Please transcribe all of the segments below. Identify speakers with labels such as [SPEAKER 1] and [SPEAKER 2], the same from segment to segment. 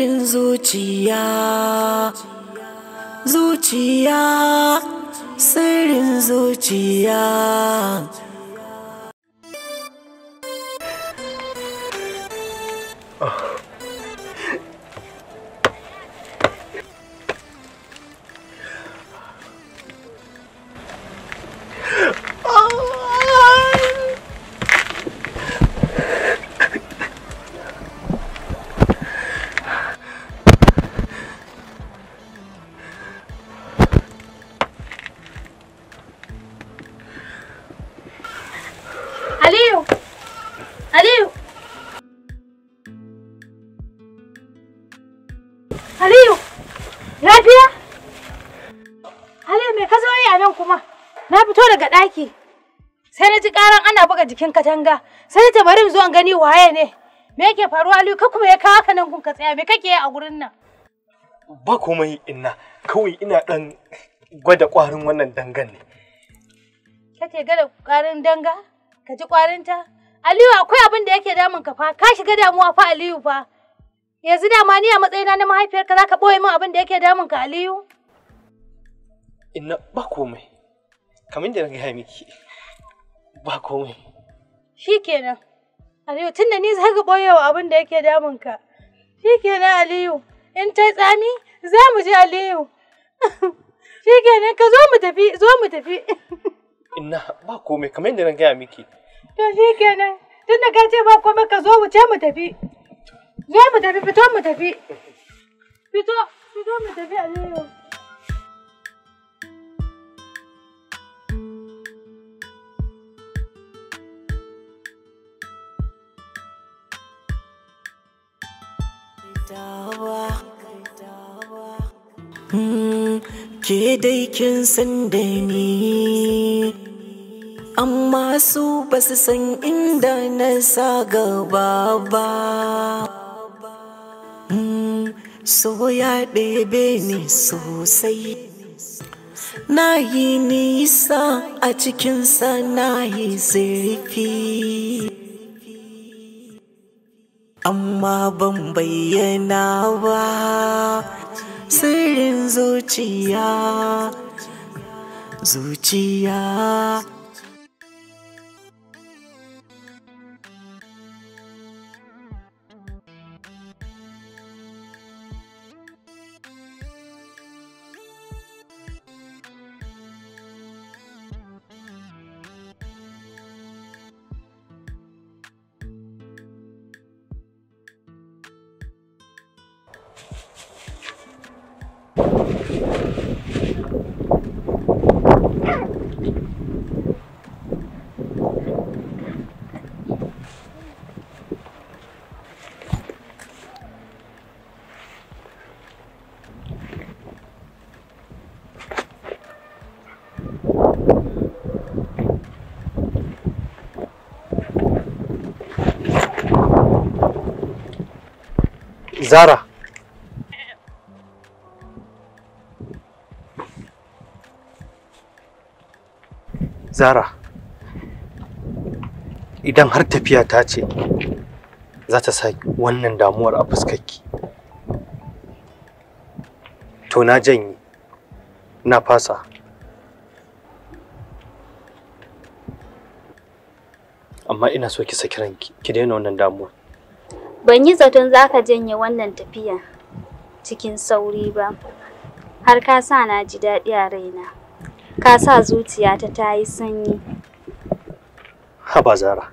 [SPEAKER 1] sirrin zuciya zuciya sirrin zuciya
[SPEAKER 2] ga jikin katanga sai ta bari zuwan gani waye ne me yake faruwa Aliyu ka kuma ya kawo haka nan kun ka tsaya me kake a gurin nan
[SPEAKER 3] ba komai inna kawai ina dan gwada kwarin
[SPEAKER 4] wannan dangan ne
[SPEAKER 2] kake gada kwarin danga ka ji kwarin ta Aliyu akwai abin da yake damun ka fa ka shiga damuwa fa Aliyu fa yanzu ma ni a matsayina na mahaifiyarka zaka boye min abin da yake damun ka Aliyu
[SPEAKER 3] inna ba komai kamin da na gaya miki ba komai
[SPEAKER 2] Shikenan. Aliyu tunda ni za ka boye wa abin da yake damun ka. Shikenan Aliyu in ta tsami za mu je Aliyu. Shikenan ka zo mu tafi zo mu tafi.
[SPEAKER 3] Inna ba komai kamar yadda na gaya miki.
[SPEAKER 2] To shikenan tunda ka ce ba komai ka zo mu ce mu tafi. Zo mu tafi fito mu tafi.
[SPEAKER 1] Fito fito mu tafi Aliyu. Hmm, ke dai kin ni Amma su ba su san inda na sa gaba ba hmm, So ya ɗebe ni sosai Na yi nisa a cikinsa na yi zurfi amma ban bayyana ba sirrin zuciya zuciya
[SPEAKER 3] zara zara idan har tafiya ta ce za ta sa wannan damuwar a fuskarki to na janye na fasa amma ina so ki saki ranki ki daina wannan damuwar
[SPEAKER 2] Ban yi zaton za ka janye wannan tafiya cikin sauri ba, har ka sa na ji daɗi a raina, ka sa zuciyata ta yi sanyi.
[SPEAKER 3] Haba Zara,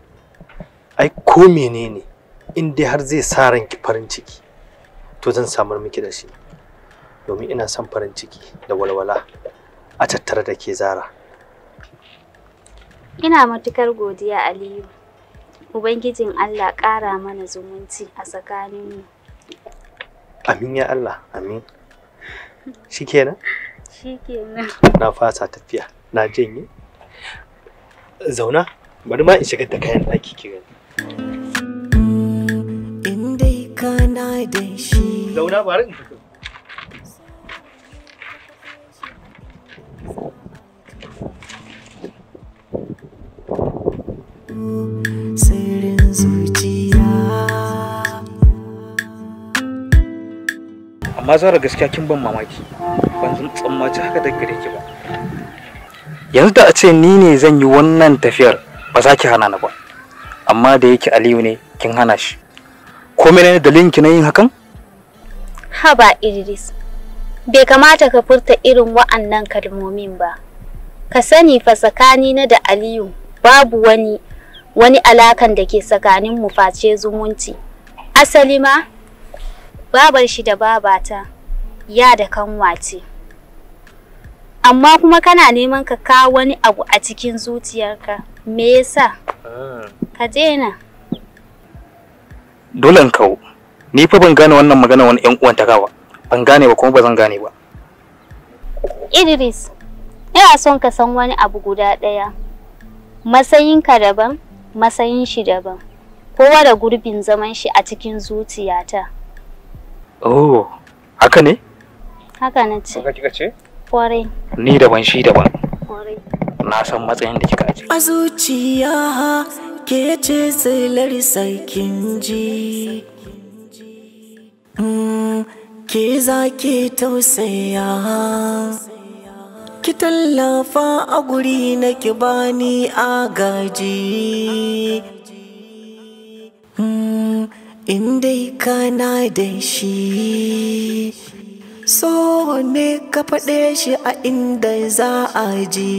[SPEAKER 3] ai ko menene in dai har zai sa ranki farin ciki, to zan samar miki da shi, domin ina son farin ciki da walwala a tattare da ke Zara.
[SPEAKER 2] Ina matukar godiya Aliyu. Ubangijin Allah ƙara mana zumunci a tsakaninmu.
[SPEAKER 3] Amin ya Allah, amin. Shi Shi kenan. Na fasa tafiya, na janye. Zauna, bari ma in shigar da kayan ɗaki ki gani.
[SPEAKER 1] Indai kana da shi.
[SPEAKER 3] Zauna bari in fito.
[SPEAKER 1] Thank you.
[SPEAKER 4] amma zara gaskiya kin ban mamaki ban tsammaci haka daga gare ki ba yanzu da a ce ni ne zan yi wannan tafiyar ba za ki hana ni ba amma da yake aliyu ne kin hana shi ko menene dalilin ki na yin hakan
[SPEAKER 2] haba idris bai kamata ka furta irin wa'annan kalmomin ba ka sani fa tsakani na da aliyu babu wani wani alakan da ke tsakanin mu face zumunci. Asali ma babar shi da babata ya da kanwa ce. Amma kuma kana neman ka kawo wani abu a cikin zuciyarka. Me yasa? Ka daina.
[SPEAKER 4] Dole in kawo. Ni fa ban gane wannan magana wani ƴan uwan ta kawa. Ban gane ba kuma ba zan gane ba.
[SPEAKER 2] Idris, ina son ka san wani abu guda ɗaya. Matsayinka daban, matsayin shi daban kowa da gurbin zaman shi a cikin zuciyata
[SPEAKER 4] oh haka ne
[SPEAKER 2] haka na ce haka kika ce kwarai
[SPEAKER 4] ni daban shi daban kwarai na san matsayin da kika
[SPEAKER 1] ce. a zuciya ke ce silar sakin ji mm, ke za ke tausaya ki tallafa a guri na ki bani agaji hmm, in dai kana da shi so ne ka faɗe shi a inda za a ji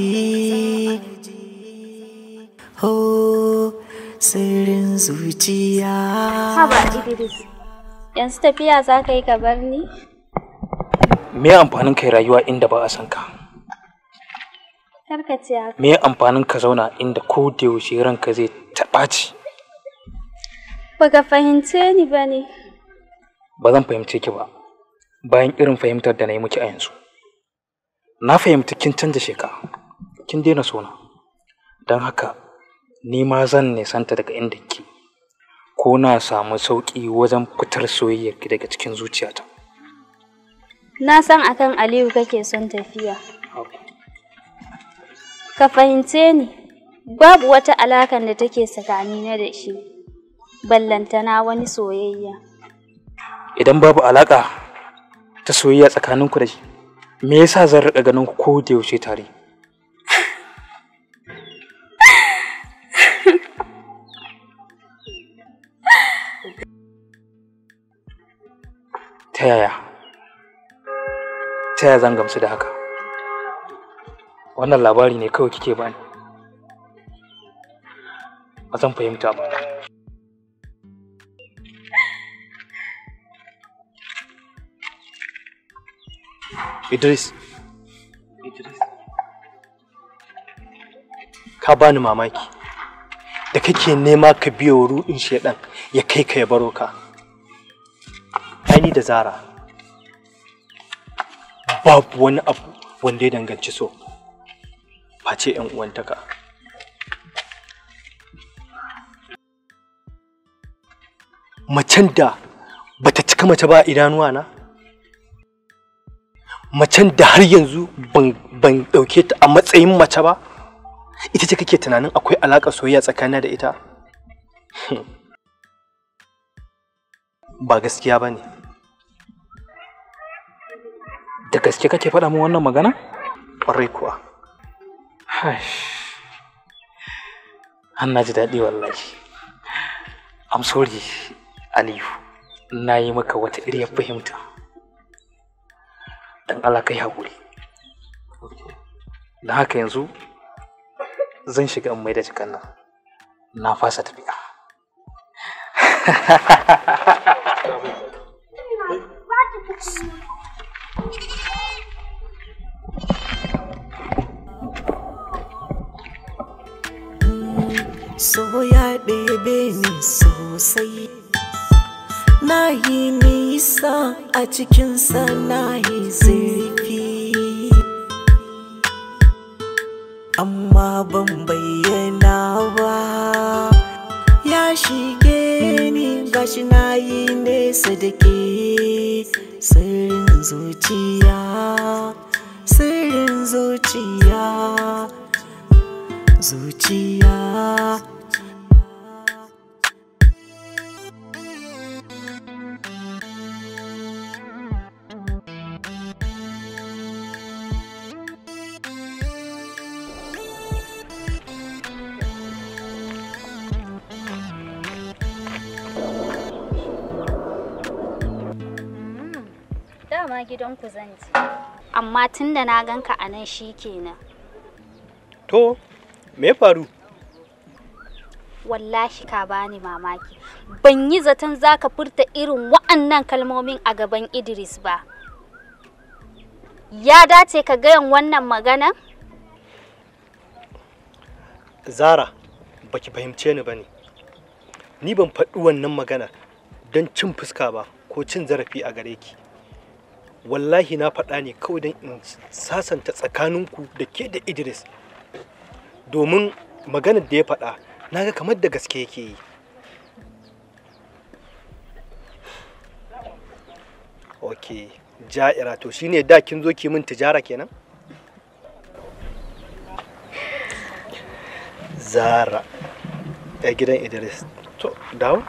[SPEAKER 1] ho sirrin zuciya haba
[SPEAKER 2] yanzu tafiya za ka yi ka bar ni
[SPEAKER 4] me amfanin kai rayuwa inda ba a san ka Me ce amfanin ka zauna inda ko da yaushe ranka zai taɓa ci?
[SPEAKER 2] Baka fahimce ni ba ne.
[SPEAKER 4] Ba zan fahimce ki ba, bayan irin fahimtar da na yi miki a yanzu. Na fahimci kin canza shekara, kin daina sona. Don haka, ni ma zan nisanta daga inda ki, ko na samu sauƙi wajen fitar soyayyar ki daga cikin zuciyata.
[SPEAKER 2] Na san akan Aliyu kake son tafiya. Okay. Ka fahimce ni, babu wata alakan da take tsakanina da shi, ballantana wani soyayya.
[SPEAKER 4] Idan babu alaka ta soyayya tsakaninku da shi, me yasa zan riƙa ganin ku ko da yaushe tare? Ta yaya? Ta yaya zan gamsu da haka? wannan labari ne kawai kike bani ba zan fahimta ba
[SPEAKER 3] Idris Idris ka bani mamaki da kake nema ka biyo ruɗin shedan ya kai ka ya baro ka ni da zara babu wani abu wanda ya danganci so face yan uwantaka macen da bata cika mace ba idanuwa na macen da har yanzu ban ɗauke ta a matsayin mace ba ita ce kake tunanin akwai alaƙa soyayya tsakanina da ita hmm. ba gaskiya ba ne
[SPEAKER 4] da gaske kake faɗa min wannan magana ƙwarai kuwa An na ji daɗi wallahi. I'm sorry, Aliyu. Na yi maka wata iriyar fahimta. Dan Allah kai haƙuri. Don haka yanzu zan shiga in mai da jikan nan. Na fasa tafiya.
[SPEAKER 1] a cikin sanayi zurfi amma ban bayyana ba ya shige ni gashi na yi nesa da ke sirrin zuciya sirrin zuciya zuciya
[SPEAKER 2] zan amma tun da na ganka a nan shi kenan.
[SPEAKER 3] to me faru
[SPEAKER 2] wallahi ka bani mamaki ban yi zaton zaka furta irin wa'annan kalmomin a gaban Idris ba ya dace ka gayan wannan magana
[SPEAKER 3] Zara baki fahimce ni bane ni ban faɗi wannan magana don cin fuska ba ko cin zarafi a gare ki wallahi na faɗa ne kawai don in sasanta tsakaninku da ke da idris domin maganar da ya faɗa na ga kamar da gaske yake yi ok ja'ira to shine da kin zo ki min tijara kenan zara ya gidan idris to dawo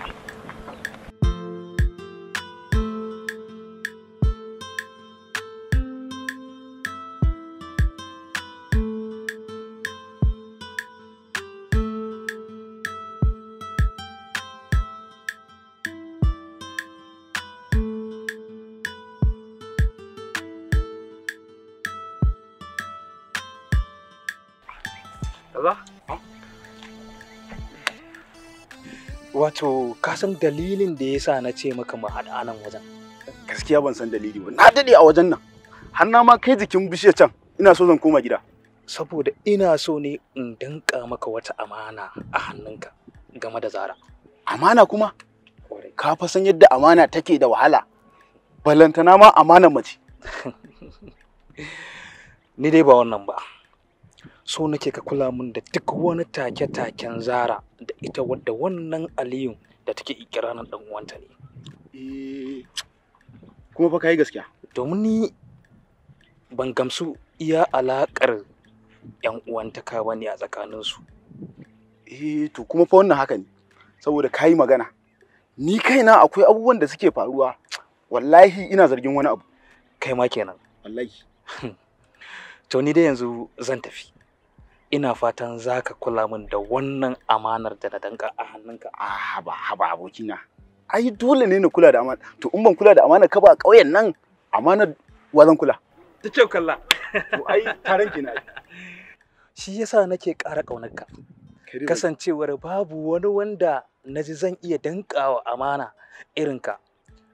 [SPEAKER 4] Wato, ka san dalilin da ya sa na ce maka mu haɗa nan wajen. Gaskiya ban san dalili ba. Na daɗe a wajen nan. Har na ma kai jikin bishiyar can. Ina so zan koma gida. Saboda ina so ne in danka maka wata amana a hannunka game da Zara. Amana kuma? Ka fa san yadda amana take da wahala. Balantana ma amanar mace. Ni dai ba wannan ba. so nake ka kula min da duk wani take-taken zara da ita wadda wannan aliyu da take ikirarin dan uwanta ne eh, kuma fa kai gaskiya domin ni ban gamsu iya alakar yan uwanta ka bane a tsakanin su eh to kuma fa wannan haka ne saboda kai magana ni kaina akwai abubuwan da suke faruwa wallahi ina zargin wani abu kai ma kenan wallahi to ni dai yanzu zan tafi ina fatan za ka kula min da wannan amanar da na danka a hannunka. a haba haba abokina. Ai dole ne na kula da amana. To in ban kula da amana ka ba ƙauyen nan amanar wa zan kula. Ta ce kalla. To ai taron kina. Shi yasa nake ƙara ƙaunarka. Kasancewar babu wani wanda na ji zan iya dankawa amana irinka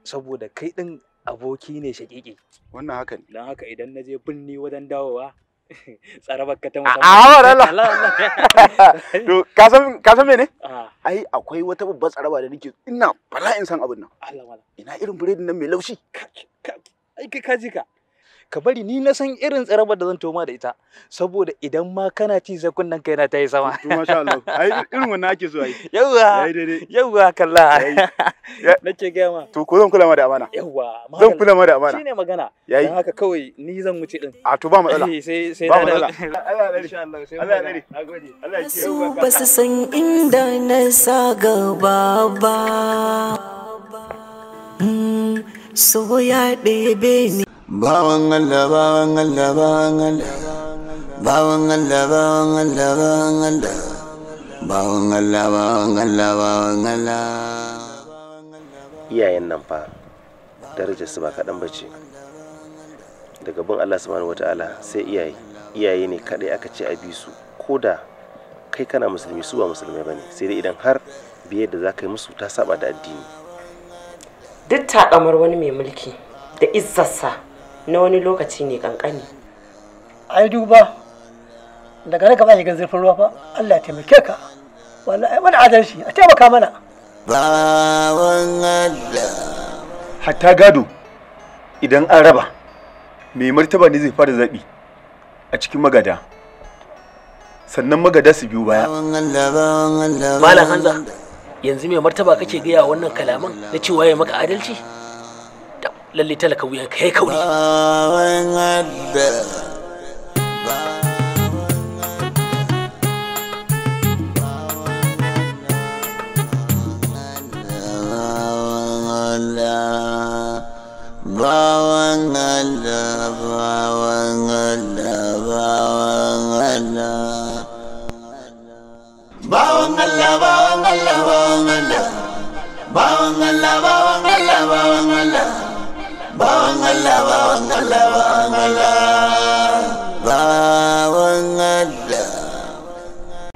[SPEAKER 4] saboda kai ɗin aboki ne shaƙiƙi. Wannan haka ne. Don haka idan na je binni wajen dawowa tsara bakka ta musamman. A'a la To kasan kasan ka san mene? Ah. Ai akwai wata babbar tsaraba da nake ina bala'in san abin nan. Allah wala Ina irin biredin nan mai laushi. Ai kai kaji ka. ka bari ni na san irin tsarabar da zan toma da ita saboda idan ma kana ci sai kunnan kai na ta yi sama to
[SPEAKER 1] irin wannan ake so ai yawa
[SPEAKER 4] yawa kalla nake ga ma to ko zan kula ma da amana yawa zan kula ma da amana shine magana dan haka kawai ni zan wuce din a to ba matsala eh, sai sai ba matsala
[SPEAKER 1] Allah ya insha Allah sai Allah ya Allah ya Allah ba su san inda na sa gaba Allah Allah mm, ya ɗebe ni bawan bawan bawan bawan bawan iyayen nan fa darajar su ba kaɗan ba
[SPEAKER 3] ce daga bin Allah subhanahu wata'ala sai iyaye iyaye ne kaɗai aka ce a bi su ko da kai kana musulmi su ba musulmai ba ne sai dai idan har biye da za ka yi musu ta saba
[SPEAKER 4] da addini duk taƙamar wani mai mulki da izzarsa na wani lokaci ne kankani ai duba
[SPEAKER 3] daga nan ka ba shi gan zurfin ruwa fa Allah ya taimake ka wallahi mana adalci a taimaka mana
[SPEAKER 1] bawan Allah hatta gado idan an raba mai martaba ne zai fara zabi a cikin magada sannan magada su biyu baya malam hanza
[SPEAKER 4] yanzu mai martaba kake gaya wannan kalaman na cewa ya maka adalci للي تلك
[SPEAKER 1] وياك هيك kauri bawang Allah bawang Allah bawang Allah bawang Allah bawang Allah bawan Allah bawan Allah bawan Allah bawan Allah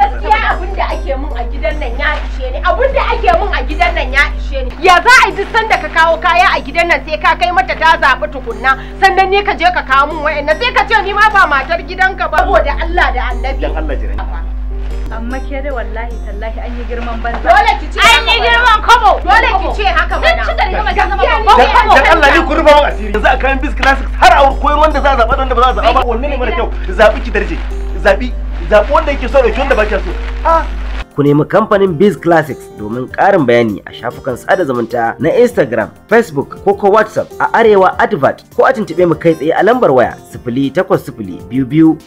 [SPEAKER 1] gaskiya abin da ake mun a gidan nan ya ishe ni abin da
[SPEAKER 2] ake mun a gidan nan ya ishe ni ya za a yi duk sanda ka kawo kaya a gidan nan sai ka kai mata ta
[SPEAKER 3] zaɓi tukunna sannan ne ka je ka kawo mun wa'annan sai ka ce ni ma ba matar gidanka ba saboda Allah
[SPEAKER 2] da Annabi dan Allah amma ke dai wallahi tallahi an yi girman banza dole ki ce an yi girman kobo dole ki ce haka mana dan ci da rigama ta zama ba dan Allah ni ku
[SPEAKER 4] rufa mu asiri
[SPEAKER 3] yanzu a kayan bis classics har a koyar wanda za a zaba wanda ba za a zaba ba wanne ne mara kyau zabi ki darje zabi zabi wanda yake so da wanda ba kya so ah
[SPEAKER 2] ku nemi kamfanin Biz Classics domin ƙarin bayani a shafukan sada zumunta na Instagram, Facebook ko ko WhatsApp a Arewa Advert ko a tuntuɓe mu kai tsaye a lambar waya 0800 takwas sifili biyu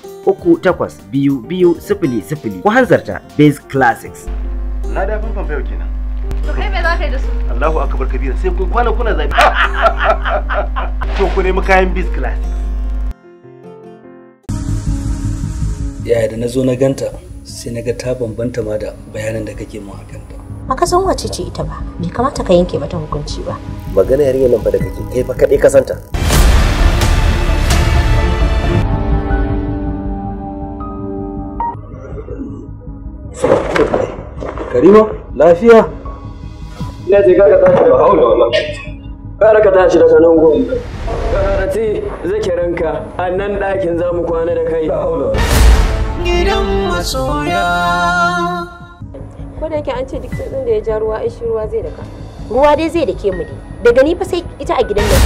[SPEAKER 2] ko hanzarta Biz Classics.
[SPEAKER 1] Na da fanfan fayo kenan.
[SPEAKER 2] To kai me za ka yi da su?
[SPEAKER 3] Allahu akbar kabira sai kun kwana kuna zabi.
[SPEAKER 4] To ku nemi kayan Biz Classics. Yaya da na zo na ganta. sai na ga ta bambanta ma da bayanan da kake mun hakan
[SPEAKER 1] ta A san wace ce ita ba bai kamata ka yanke mata hukunci ba
[SPEAKER 4] magana yarinya nan ba da kake kai eh, fa kadai ka santa Karima, lafiya?
[SPEAKER 3] Ina ga ka tashi da haula wannan. Kara ka tashi daga nan gobe.
[SPEAKER 1] Karati A annan ɗakin za mu kwana da kai. Da haula.
[SPEAKER 2] gidan masoya ko da yake an ce duk tsirrin da ya ja ruwa ishi ruwa zai daka ruwa dai zai dake mu ne daga ni fa sai ita a gidan da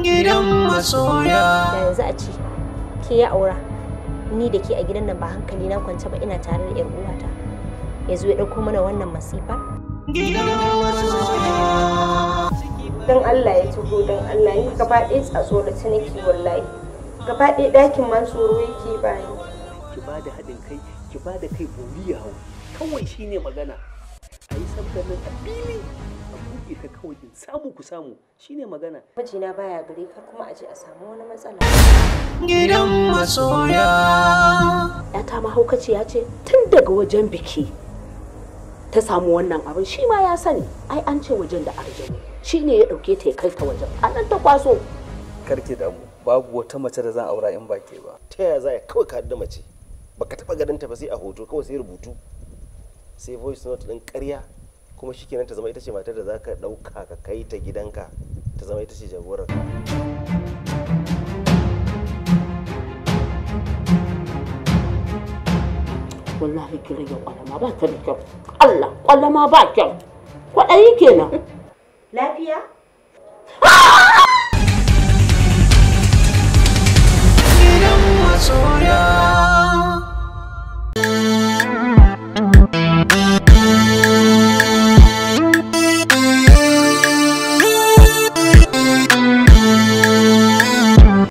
[SPEAKER 2] gidan masoya da yanzu a ce ke ya aura ni da ke a gidan nan ba hankali na kwance ba ina tare da yar uwata yanzu ya ɗauko mana wannan masifa
[SPEAKER 1] gidan masoya
[SPEAKER 2] don Allah ya tuho don Allah ni gaba ɗaya tsatso da ta nake wallahi gaba ɗaya ɗakin man tsoro yake bani ba da kai bori ya hau kawai shine magana a yi sabgar nan a fili a buɗe ta kawai in samu ku samu shine magana majina baya gare kar kuma a je a samu wani matsala
[SPEAKER 1] gidan masoya ya
[SPEAKER 2] ta mahaukaciya ce tun daga wajen biki ta samu wannan abin shi ma ya sani ai an ce wajen da arjini shi ne ya ɗauke ta ya kai ta wajen a nan ta kwaso
[SPEAKER 4] karki damu babu wata mace da zan aura in ba ke ba ta yaya za ya kawai ka da mace
[SPEAKER 3] baka taba ganin ta ba sai a hoto kawai sai rubutu sai voice note din ƙarya kuma shikenan ta zama ita ce matar da zaka dauka ka kai ta gidanka ta zama ita ce jagorar ka
[SPEAKER 1] wallahi ki rage kwalama ba ta da kyau Allah
[SPEAKER 2] kwalama ba kyau
[SPEAKER 1] kwaɗayi kenan
[SPEAKER 2] lafiya
[SPEAKER 1] yeah. Música